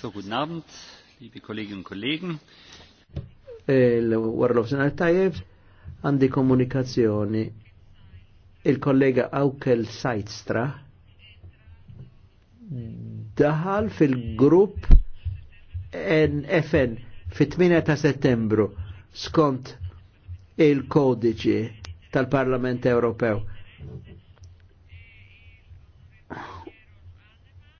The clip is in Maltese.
So, guten Abend, liebe Kolleginnen und Kollegen. Il-Warlof Senar għandi komunikazzjoni il-kollega Aukel Sajtstra daħal fil-grupp NFN fit-8 ta' settembru skont il-kodiċi tal-Parlament Ewropew